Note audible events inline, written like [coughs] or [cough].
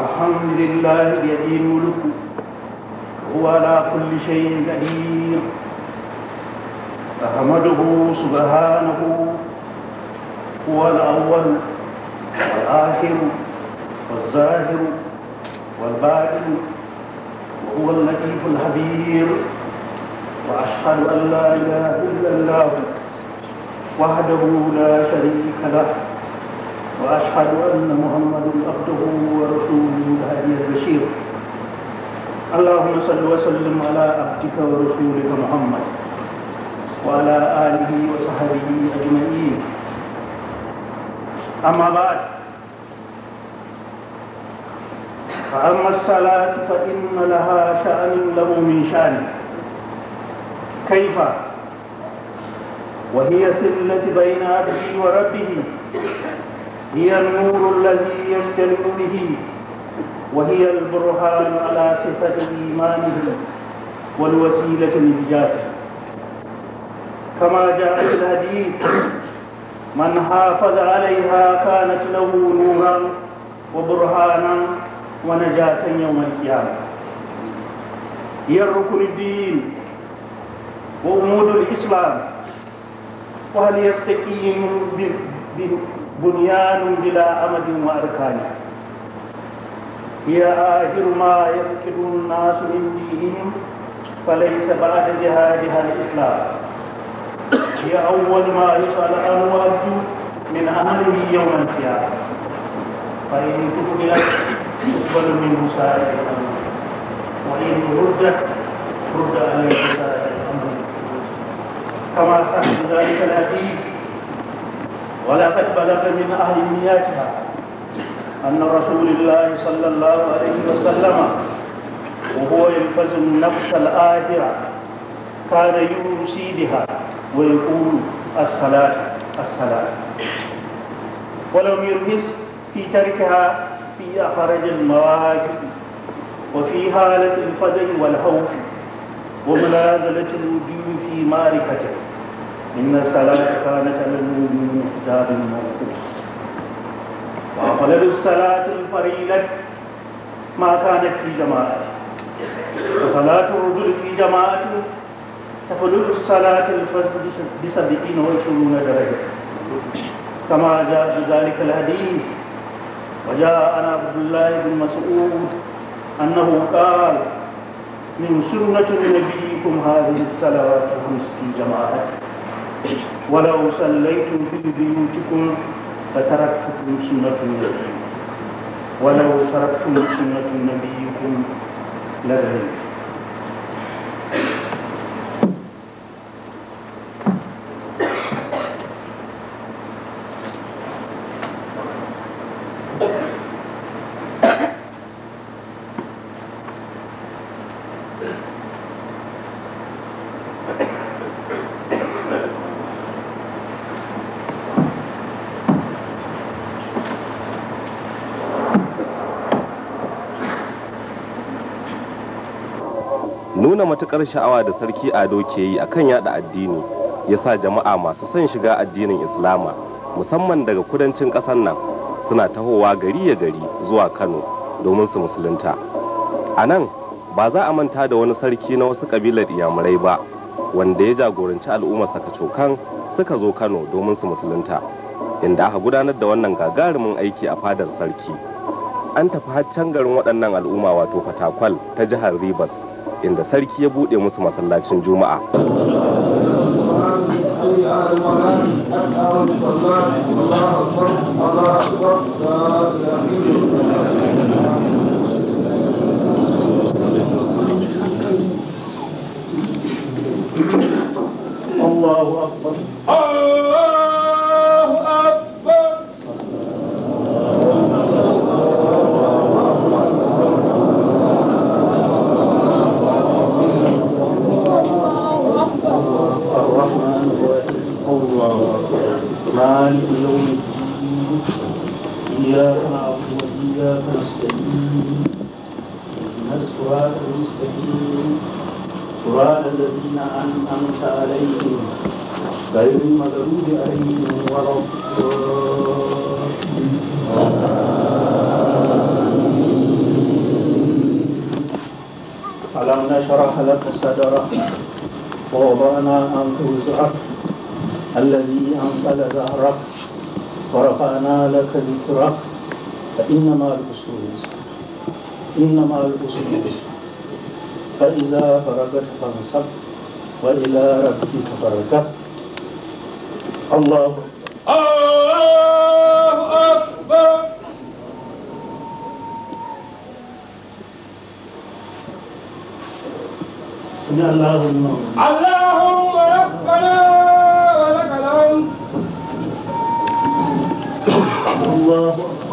الحمد لله بيده الملك هو على كل شيء قدير أحمده سبحانه هو الأول والآخر والظاهر والباطن وهو اللطيف الخبير وأشهد أن لا إله إلا الله وحده لا شريك له وأشهد أن محمدا عبده ورسوله الهدي البشير اللهم صل وسلم على عبدك ورسولك محمد وعلى آله وصحبه أجمعين أما بعد فأما الصلاة فإن لها شأن له من شأن كيف وهي سلة بين عبدي وربه هي النور الذي يستمر به وهي البرهان على صفة إيمانه والوسيلة لنجاته كما جاء في الحديث من حافظ عليها كانت له نورا وبرهانا ونجاة يوم القيامة هي الركن الدين وأمود الإسلام وهل يستقيم بنيان بلا أمد وأركان هي آخر ما يفقد الناس من دينهم فليس بعد جهادها الإسلام هي أول ما يسأل عن من أهله يوم القيامة فإن تقبلت تقبل من مسائل الأمر وإن ردت رد عليه مسائل الأمر كما صح ذلك الحديث ولقد بلغ من أهميتها أن رسول الله صلى الله عليه وسلم وهو يلفظ النفس الآخرة كان يوصي بها ويقول الصلاة الصلاة ولم يرخص في تركها في أخرج المواهب وفي حالة الفزع والخوف ومنازلة الوجود في معرفته إن الصلاة كانت على من حجاب موقوف وأفضل الصلاة الفريدة ما كانت في جماعة وصلاة الرجل في جماعة تفضل الصلاة الفرد بسبقين وعشرون درجة كما جاء في ذلك الحديث وجاء أنا عبد الله بن مسعود أنه قال من سنة نبيكم هذه الصلوات الخمس في جماعته ولو صليتم في بيوتكم فتركتكم سنة النبي ولو تركتم سنة نبيكم لذلك Thank you. [coughs] nuna matukar sha'awa da sarki ado ke yi a kan yada addini ya sa jama'a masu son shiga addinin islama musamman daga kudancin ƙasar nan suna tahowa gari ya gari zuwa kano domin su musulunta a nan ba za a manta da wani sarki na wasu kabilar iyamurai ba wanda ya jagoranci al'ummar cokan suka zo kano domin su musulunta inda aka gudanar da wannan gagarumin aiki a fadar sarki an tafi har can garin waɗannan al'umma wato fatakwal ta jihar ribas inda sarki ya buɗe musu masallacin juma'a الله الكتاب مستقيم سؤال الذين أنعمت عليهم غير المغلوب عليهم ولا ألم نشرح لك صدرك ووضعنا أنت وزرك الذي أنقذ ظهرك ورفعنا لك ذكرك فإنما الأصول إنما الأصول فإذا فرغت فانصب وإلى ربك فرغت الله الله أكبر سمع الله لمن اللهم ربنا ولك الحمد الله أكبر